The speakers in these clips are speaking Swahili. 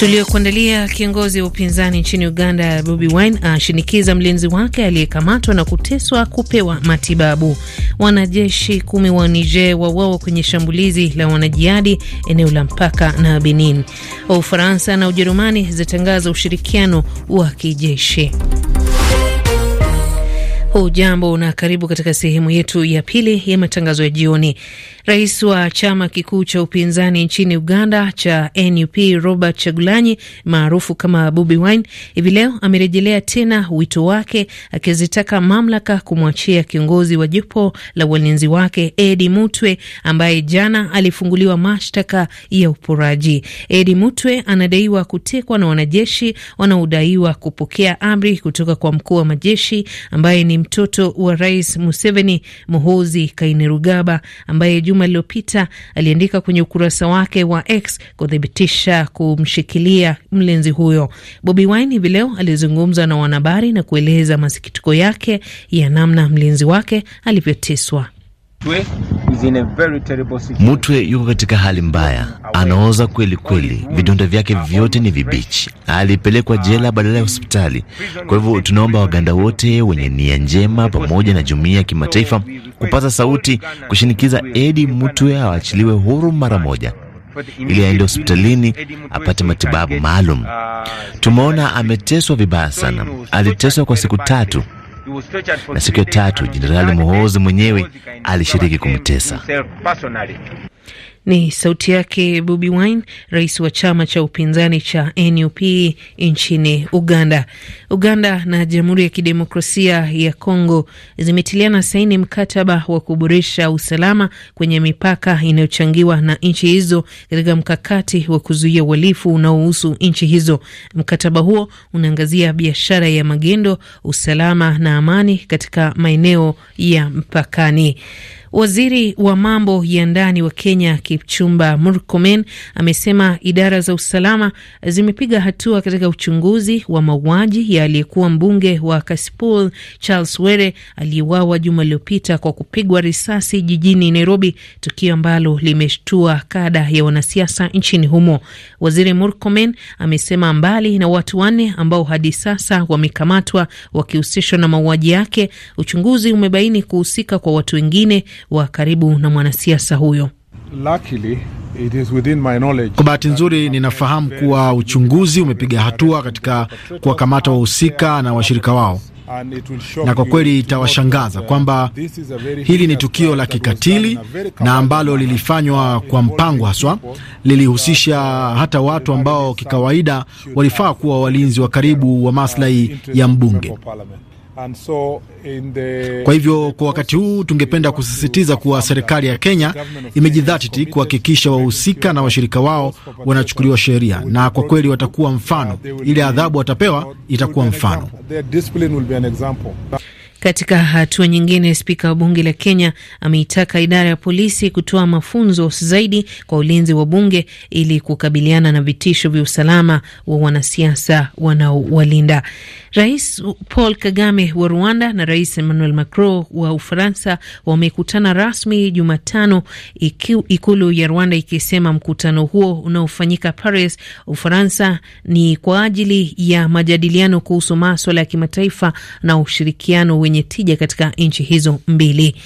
Tuliokuandalia. Kiongozi wa upinzani nchini Uganda Bobi Wine ashinikiza mlinzi wake aliyekamatwa na kuteswa kupewa matibabu. Wanajeshi kumi wa Niger wawawa kwenye shambulizi la wanajihadi eneo la mpaka na Benin. Wa Ufaransa na Ujerumani zitangaza ushirikiano wa kijeshi. Hujambo na karibu katika sehemu yetu ya pili ya matangazo ya jioni. Rais wa chama kikuu cha upinzani nchini Uganda cha NUP Robert Chagulanyi maarufu kama Bobi Wine hivi leo amerejelea tena wito wake akizitaka mamlaka kumwachia kiongozi wa jopo la walinzi wake Edi Mutwe ambaye jana alifunguliwa mashtaka ya uporaji. Edi Mutwe anadaiwa kutekwa na wanajeshi wanaodaiwa kupokea amri kutoka kwa mkuu wa majeshi ambaye ni mtoto wa Rais Museveni, mhozi Kainerugaba ambaye juma lililopita aliandika kwenye ukurasa wake wa X kuthibitisha kumshikilia mlinzi huyo. Bobi Wine hivi leo alizungumza na wanahabari na kueleza masikitiko yake ya namna mlinzi wake alivyoteswa. Mutwe yuko katika hali mbaya, anaoza kweli kweli, vidonda vyake vyote ni vibichi. Alipelekwa jela badala ya hospitali. Kwa hivyo tunaomba Waganda wote wenye nia njema pamoja na jumuiya ya kimataifa kupaza sauti kushinikiza Edi Mutwe awachiliwe huru mara moja ili aende hospitalini apate matibabu maalum. Tumeona ameteswa vibaya sana, aliteswa kwa siku tatu na siku ya tatu Jenerali Muhoozi mwenyewe alishiriki kumtesa. Ni sauti yake Bobi Wine, rais wa chama cha upinzani cha NUP nchini Uganda. Uganda na Jamhuri ya Kidemokrasia ya Kongo zimetiliana saini mkataba wa kuboresha usalama kwenye mipaka inayochangiwa na nchi hizo katika mkakati wa kuzuia uhalifu unaohusu nchi hizo. Mkataba huo unaangazia biashara ya magendo, usalama na amani katika maeneo ya mpakani. Waziri wa mambo ya ndani wa Kenya Kipchumba Murkomen amesema idara za usalama zimepiga hatua katika uchunguzi wa mauaji ya aliyekuwa mbunge wa Kasipul Charles Were aliyeuawa juma lililopita kwa kupigwa risasi jijini Nairobi, tukio ambalo limeshtua kada ya wanasiasa nchini humo. Waziri Murkomen amesema mbali na watu wanne ambao hadi sasa wamekamatwa wakihusishwa na mauaji yake, uchunguzi umebaini kuhusika kwa watu wengine wa karibu na mwanasiasa huyo. Luckily, It is within my knowledge. Kwa bahati nzuri ninafahamu kuwa uchunguzi umepiga hatua katika kuwakamata wahusika na washirika wao, na kwa kweli itawashangaza kwamba hili ni tukio la kikatili na ambalo lilifanywa kwa mpango haswa. Lilihusisha hata watu ambao kikawaida walifaa kuwa walinzi wa karibu wa maslahi ya mbunge. So the... Kwa hivyo kwa wakati huu tungependa kusisitiza kuwa serikali ya Kenya imejidhatiti kuhakikisha wahusika na washirika wao wanachukuliwa sheria, na kwa kweli watakuwa mfano. Ile adhabu watapewa itakuwa mfano. Katika hatua nyingine, spika wa bunge la Kenya ameitaka idara ya polisi kutoa mafunzo zaidi kwa ulinzi wa bunge ili kukabiliana na vitisho vya usalama wa wanasiasa wanaowalinda. Rais Paul Kagame wa Rwanda na Rais Emmanuel Macron wa Ufaransa wamekutana rasmi Jumatano, ikulu ya Rwanda ikisema mkutano huo unaofanyika Paris, Ufaransa, ni kwa ajili ya majadiliano kuhusu maswala ya kimataifa na ushirikiano wenye tija katika nchi hizo mbili.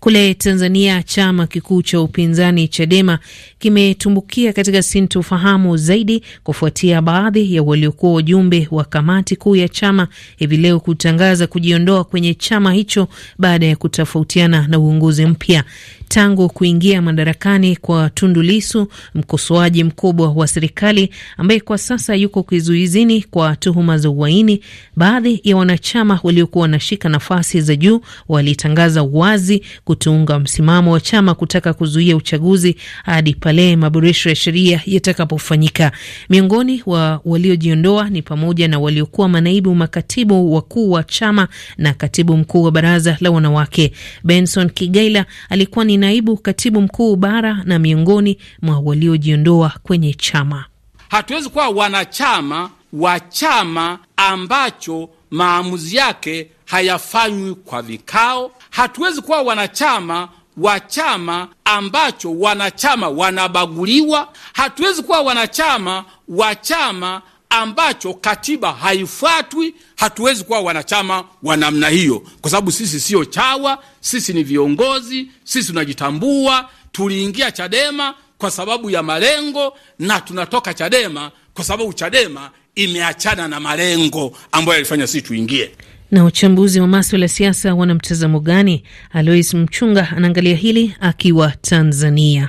Kule Tanzania, chama kikuu cha upinzani Chadema kimetumbukia katika sintofahamu zaidi kufuatia baadhi ya waliokuwa wajumbe wa kamati kuu ya chama hivi leo kutangaza kujiondoa kwenye chama hicho baada ya kutofautiana na uongozi mpya. Tangu kuingia madarakani kwa Tundu Lisu, mkosoaji mkubwa wa serikali ambaye kwa sasa yuko kizuizini kwa tuhuma za uhaini, baadhi ya wanachama waliokuwa wanashika nafasi nafasi za juu walitangaza wazi kutunga msimamo wa chama kutaka kuzuia uchaguzi hadi pale maboresho ya sheria yatakapofanyika. Miongoni wa waliojiondoa ni pamoja na waliokuwa manaibu makatibu wakuu wa chama na katibu mkuu wa baraza la wanawake. Benson Kigaila alikuwa ni naibu katibu mkuu bara na miongoni mwa waliojiondoa kwenye chama. Hatuwezi kuwa wanachama wa chama ambacho maamuzi yake hayafanywi kwa vikao. Hatuwezi kuwa wanachama wa chama ambacho wanachama wanabaguliwa. Hatuwezi kuwa wanachama wa chama ambacho katiba haifuatwi. Hatuwezi kuwa wanachama wa namna hiyo, kwa sababu sisi siyo chawa. Sisi ni viongozi, sisi tunajitambua. Tuliingia Chadema kwa sababu ya malengo na tunatoka Chadema kwa sababu Chadema imeachana na malengo ambayo yalifanya sisi tuingie. Na wachambuzi wa maswala ya siasa wana mtazamo gani? Alois Mchunga anaangalia hili akiwa Tanzania.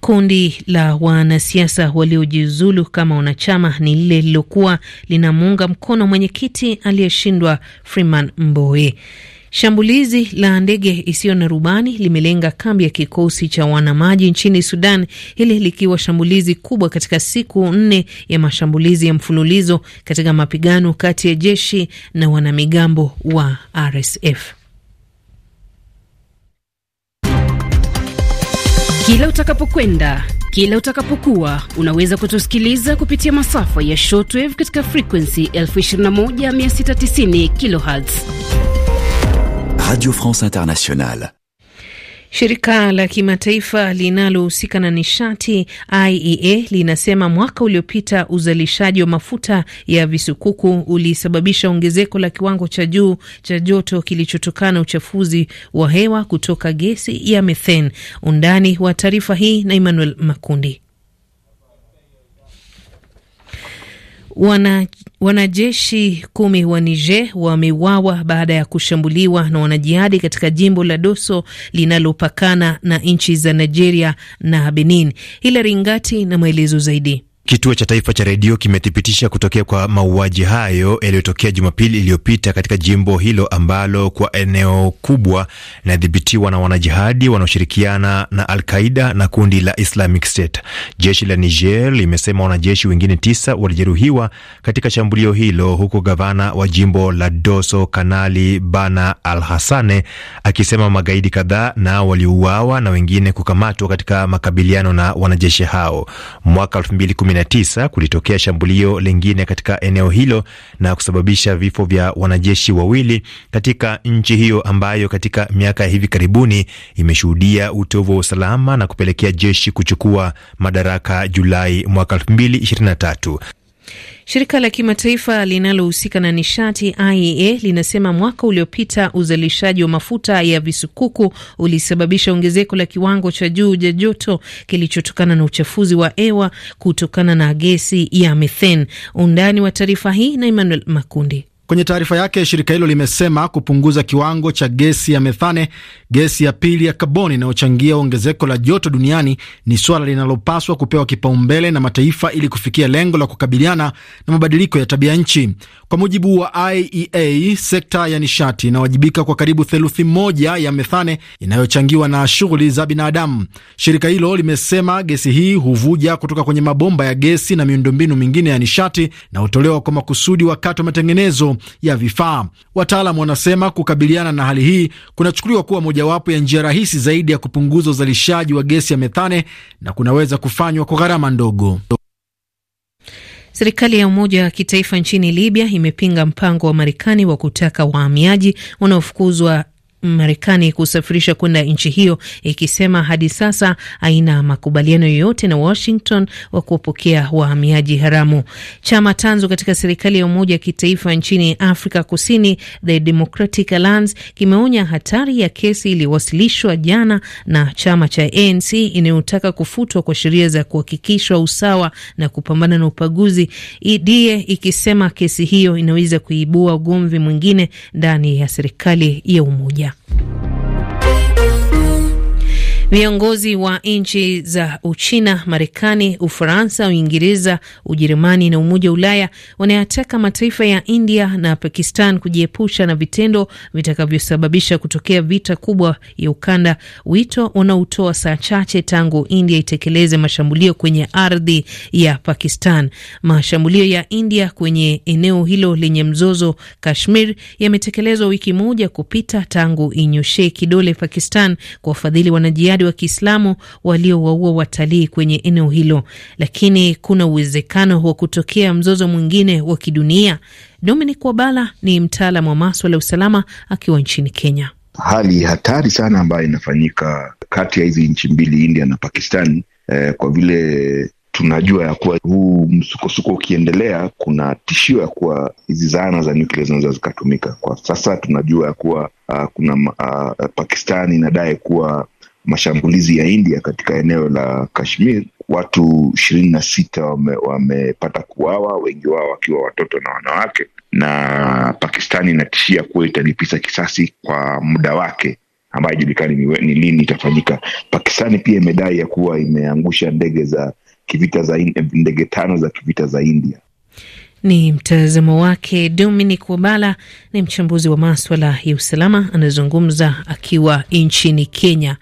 Kundi la wanasiasa waliojiuzulu kama wanachama ni lile lilokuwa linamuunga mkono mwenyekiti aliyeshindwa Freeman Mbowe. Shambulizi la ndege isiyo na rubani limelenga kambi ya kikosi cha wanamaji nchini Sudan, hili likiwa shambulizi kubwa katika siku nne ya mashambulizi ya mfululizo katika mapigano kati ya jeshi na wanamigambo wa RSF. Kila utakapokwenda kila utakapokuwa unaweza kutusikiliza kupitia masafa ya shortwave katika frequency 21690 kilohertz Radio France Internationale. Shirika la kimataifa linalohusika na nishati IEA linasema mwaka uliopita uzalishaji wa mafuta ya visukuku ulisababisha ongezeko la kiwango cha juu cha joto kilichotokana uchafuzi wa hewa kutoka gesi ya methane. Undani wa taarifa hii na Emmanuel Makundi. Wana, wanajeshi kumi wa Niger wameuawa baada ya kushambuliwa na wanajihadi katika jimbo la Doso linalopakana na nchi za Nigeria na Benin. Hilari Ngati na maelezo zaidi. Kituo cha Taifa cha Redio kimethibitisha kutokea kwa mauaji hayo yaliyotokea Jumapili iliyopita katika jimbo hilo ambalo kwa eneo kubwa linadhibitiwa na wanajihadi wanaoshirikiana na alqaida na kundi la Islamic State. Jeshi la Niger limesema wanajeshi wengine tisa walijeruhiwa katika shambulio hilo, huku gavana wa jimbo la Doso Kanali Bana al hasane akisema magaidi kadhaa nao waliuawa na wengine kukamatwa katika makabiliano na wanajeshi hao mwaka 19 kulitokea shambulio lingine katika eneo hilo na kusababisha vifo vya wanajeshi wawili katika nchi hiyo ambayo katika miaka ya hivi karibuni imeshuhudia utovu wa usalama na kupelekea jeshi kuchukua madaraka Julai mwaka 2023. Shirika la kimataifa linalohusika na nishati IEA linasema mwaka uliopita uzalishaji wa mafuta ya visukuku ulisababisha ongezeko la kiwango cha juu cha joto kilichotokana na uchafuzi wa hewa kutokana na gesi ya methane. Undani wa taarifa hii na Emmanuel Makundi. Kwenye taarifa yake, shirika hilo limesema kupunguza kiwango cha gesi ya methane, gesi ya pili ya kaboni inayochangia ongezeko la joto duniani, ni suala linalopaswa kupewa kipaumbele na mataifa ili kufikia lengo la kukabiliana na mabadiliko ya tabia nchi. Kwa mujibu wa IEA, sekta ya nishati inawajibika kwa karibu theluthi moja ya methane inayochangiwa na shughuli za binadamu. Shirika hilo limesema gesi hii huvuja kutoka kwenye mabomba ya gesi na miundombinu mingine ya nishati na hutolewa kwa makusudi wakati wa matengenezo ya vifaa. Wataalam wanasema kukabiliana na hali hii kunachukuliwa kuwa mojawapo ya njia rahisi zaidi ya kupunguza uzalishaji wa gesi ya methane na kunaweza kufanywa kwa gharama ndogo. Serikali ya Umoja wa Kitaifa nchini Libya imepinga mpango wa Marekani wa kutaka wahamiaji wanaofukuzwa Marekani kusafirisha kwenda nchi hiyo, ikisema hadi sasa haina makubaliano yoyote na Washington wa kuwapokea wahamiaji haramu. Chama tanzu katika serikali ya umoja wa kitaifa nchini Afrika Kusini, The Democratic Alliance, kimeonya hatari ya kesi iliyowasilishwa jana na chama cha ANC inayotaka kufutwa kwa sheria za kuhakikishwa usawa na kupambana na upaguzi, idie, ikisema kesi hiyo inaweza kuibua ugomvi mwingine ndani ya serikali ya umoja. Yeah. Viongozi wa nchi za Uchina, Marekani, Ufaransa, Uingereza, Ujerumani na Umoja wa Ulaya wanayataka mataifa ya India na Pakistan kujiepusha na vitendo vitakavyosababisha kutokea vita kubwa ya ukanda, wito unaotoa saa chache tangu India itekeleze mashambulio kwenye ardhi ya Pakistan. Mashambulio ya India kwenye eneo hilo lenye mzozo Kashmir yametekelezwa wiki moja kupita tangu inyoshee kidole Pakistan kwa wafadhili wanajiadi wanajihadi wa Kiislamu waliowaua watalii kwenye eneo hilo, lakini kuna uwezekano wa kutokea mzozo mwingine wa kidunia. Dominic Wabala ni mtaalamu wa maswala ya usalama akiwa nchini Kenya. Hali hatari sana ambayo inafanyika kati ya hizi nchi mbili, India na Pakistani, eh, kwa vile tunajua ya kuwa huu msukosuko ukiendelea, kuna tishio ya kuwa hizi zana za nyuklia zinaweza zikatumika. Kwa sasa tunajua ya kuwa uh, kuna uh, ah, Pakistan inadai kuwa mashambulizi ya India katika eneo la Kashmir, watu ishirini na sita wamepata wame kuawa, wengi wao wakiwa watoto na wanawake, na Pakistani inatishia kuwa italipisa kisasi kwa muda wake ambayo haijulikani ni lini itafanyika. Pakistani pia imedai ya kuwa imeangusha ndege za kivita za ndege tano za kivita za India ni mtazamo wake Dominic Wabala, ni mchambuzi wa maswala ya usalama, anazungumza akiwa nchini Kenya.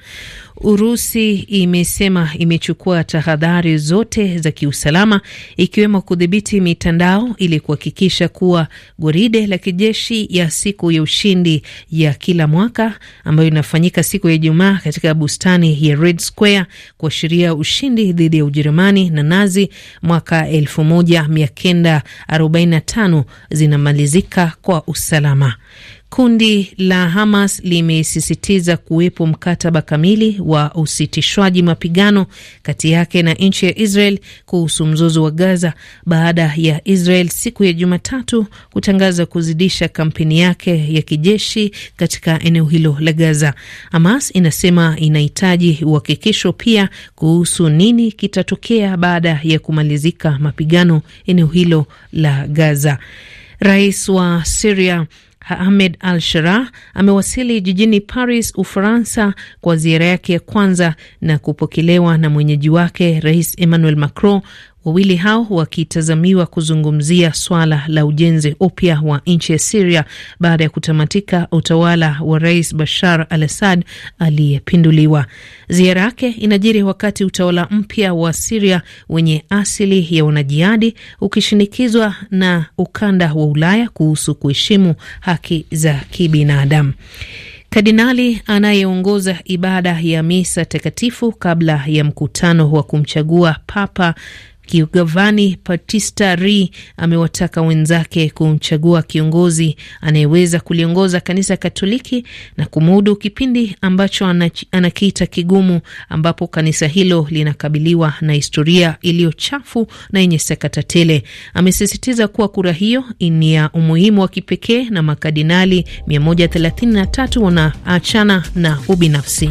Urusi imesema imechukua tahadhari zote za kiusalama ikiwemo kudhibiti mitandao ili kuhakikisha kuwa gwaride la kijeshi ya siku ya ushindi ya kila mwaka ambayo inafanyika siku ya Ijumaa katika bustani ya Red Square kuashiria ushindi dhidi ya Ujerumani na Nazi mwaka 1945 zinamalizika kwa usalama. Kundi la Hamas limesisitiza kuwepo mkataba kamili wa usitishwaji mapigano kati yake na nchi ya Israel kuhusu mzozo wa Gaza baada ya Israel siku ya Jumatatu kutangaza kuzidisha kampeni yake ya kijeshi katika eneo hilo la Gaza. Hamas inasema inahitaji uhakikisho pia kuhusu nini kitatokea baada ya kumalizika mapigano eneo hilo la Gaza. Rais wa Syria Ahmed Al Sharah amewasili jijini Paris, Ufaransa, kwa ziara yake ya kwanza na kupokelewa na mwenyeji wake Rais Emmanuel Macron wawili hao wakitazamiwa kuzungumzia swala la ujenzi upya wa nchi ya Siria baada ya kutamatika utawala wa Rais Bashar al Assad aliyepinduliwa. Ziara yake inajiri wakati utawala mpya wa Siria wenye asili ya wanajihadi ukishinikizwa na ukanda wa Ulaya kuhusu kuheshimu haki za kibinadamu. Kardinali anayeongoza ibada ya misa takatifu kabla ya mkutano wa kumchagua papa Kiugavani Patista Ri amewataka wenzake kumchagua kiongozi anayeweza kuliongoza kanisa Katoliki na kumudu kipindi ambacho anakiita kigumu, ambapo kanisa hilo linakabiliwa na historia iliyo chafu na yenye sakata tele. Amesisitiza kuwa kura hiyo ni ya umuhimu wa kipekee na makadinali 133 wanaachana na ubinafsi.